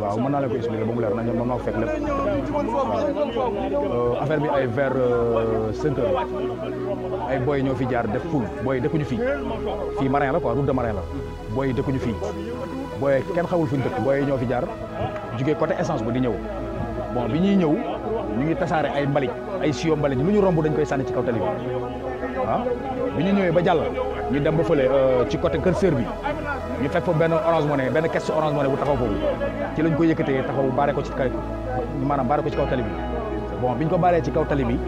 waaw mën naa la ko expliquer ba mu leer na ñoom maa fekk lépp affaire bi ay vers euh, cinq heures ay booy ñoo fi jaar def poul booy dëkkuñu fii fi marin la quoi route de marin la booy dëkkuñu fi booy kenn xamul fu ñu dëkk booy ñoo fi jaar jugee côté essence ba di ñëw bon bi ñuy ñëw ñu ngi tasaare ay mbalit ay siyo mbalit lu ñu romb dañ koy sànni ci kaw tali ah bi ñu ñëwee ba jàll ñu dem ba fële euh, ci côté kër sër bi ñu fekk fa benn orange money benn caisse orange money bu taxaw foofu ci lañ ko yëkkatee taxaw bare ko ci kaw maanaam baare ko ci kaw tali bi bon bi ñu ko baaree ci kaw tali bi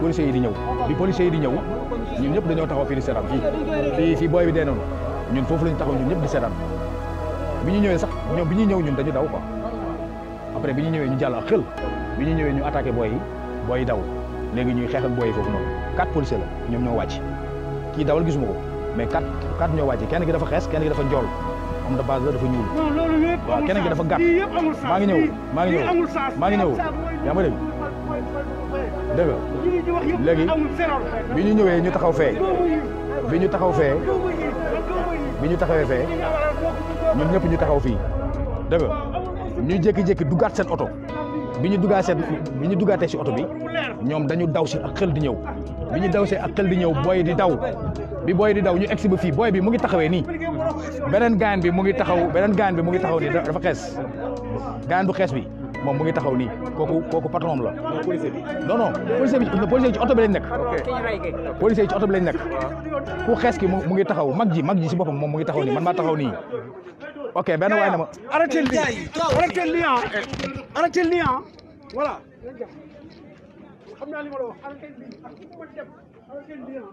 policiers yi di ñëw bi policiers yi di ñëw ñun ñëpp dañoo taxaw fii di seetaan fii fii fii booy ñun foofu lañ taxaw ñun ñëpp di seetaan bi ñu ñëwee sax ñoom bi ñuy ñëw ñun dañu daw quoi après bi ñu ñëwee ñu jàll a xel bi ñu ñëwee ñu attaqué booy yi booy daw léegi ñuy xeex booy foofu noonu quatre policiers la ñoom ñoo wàcc kii dawal gisuma ko mais quatre quatre ñoo wàcc kenn ki dafa xees kenn ki dafa njool am na base dafa ñuul. non kenn ki dafa gàtt ngi ñëw maa ngi maa ngi ñëw yaa ma dégg dégg nga léegi bi ñu ñëwee ñu taxaw fee bi ñu taxaw fee bi ñu taxawee fee ñun ñëpp ñu taxaw fii dégg nga ñu jékki-jékki duggaat seen oto. bi ñu dugaasee bi ñu dugaatee si oto bi ñoom dañu daw si ak xel di ñëw bi ñu daw si ak xel di ñëw booy di daw bi booy di daw ñu egg si ba fii booy bi mu ngi taxawee nii beneen gaan bi mu ngi taxaw beneen gaan mu ngi taxaw nii dafa xees gaan bu xees bi moom mu ngi taxaw nii kooku kooku patron la. non non policier bi ci oto bi lañ nekk. policier bi ci oto bi lañ nekk ku xees ki mu ngi taxaw mag ji mag ji si boppam moom mu ngi taxaw nii man maa taxaw nii ok benn waay na ma. arrêté lii arrêtel nii ah voilà xam naa li ma la wax arrêtel nii ak fu ma dem arrêtel nii ah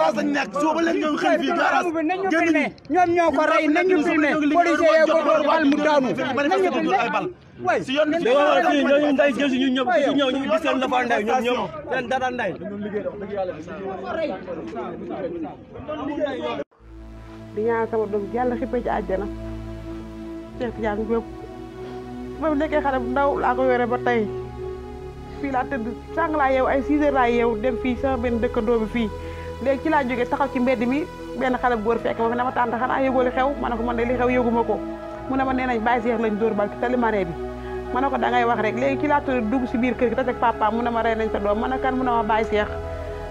garage lañ nekk soo ba léegi ñoo ngi xëy fii garage génn ñoom ñoo ko ba mu nekkee xale bu ndaw laa ko yore ba tey fii laa tëdd sàng laa yeew ay six laa yeew dem fii sama benn dëkkandoo fii léegi ci laa jógee taxaw ci mbedd mi benn xale bu góor fekk ma fi ne ma tànta xanaa yëgoo xew ma ne ko man de li xew yëguma ko mu ne ma nee nañ seex lañ dóor bal ci bi ma ne rek léegi ci dugg si biir kër gi taseg papa mu ne ma rey nañ sa doom ma ne kan mu ne ma bàyyi seex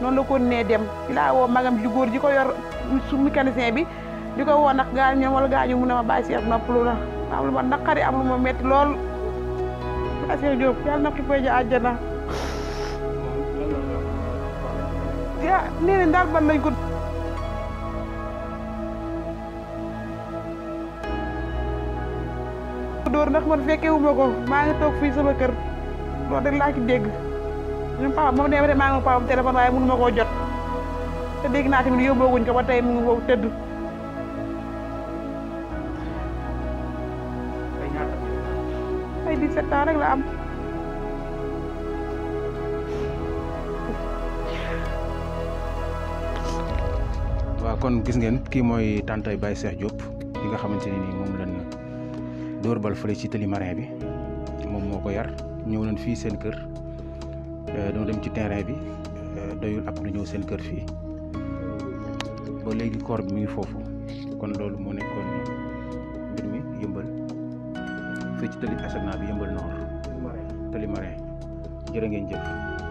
noonu la ko nee dem ci laa woo magam ju góor ji ko yor su mécanicien bi di ko woo nag gaañu wala gaañu mu ne ma bàyyi seex noppalu na am lu ma naqari am lu ma métti lool bàyyi seex Jóob yàlla na ko fay ja ah nee nañ daal ban lañ ko. dóor ndax man fekke wu ma ko maa ngi toog fii sama kër loolu rek laa dégg ñun papa moom nee na maa ngi papaam téléphone waaye mënu koo jot te dégg naa tamit yóbbooguñ ko ba tey mu ngi tëdd. ay 17 ans rek la am. kon gis ngeen kii mooy tantay Baye Cheikh Diop bi nga xamanteni ni mom lañ door bal fele ci teli marin bi mom moko yar ñew lañ fi seen kër euh, doo dem ci terrain bi euh, doyul ak lu ñëw seen kër fi ba legi koor bi mi ngi fofu kon loolu moo nekkoon bir mi yëmbal fii ci tëli asagna bi yëmbal noor teli marin jere ngeen jëf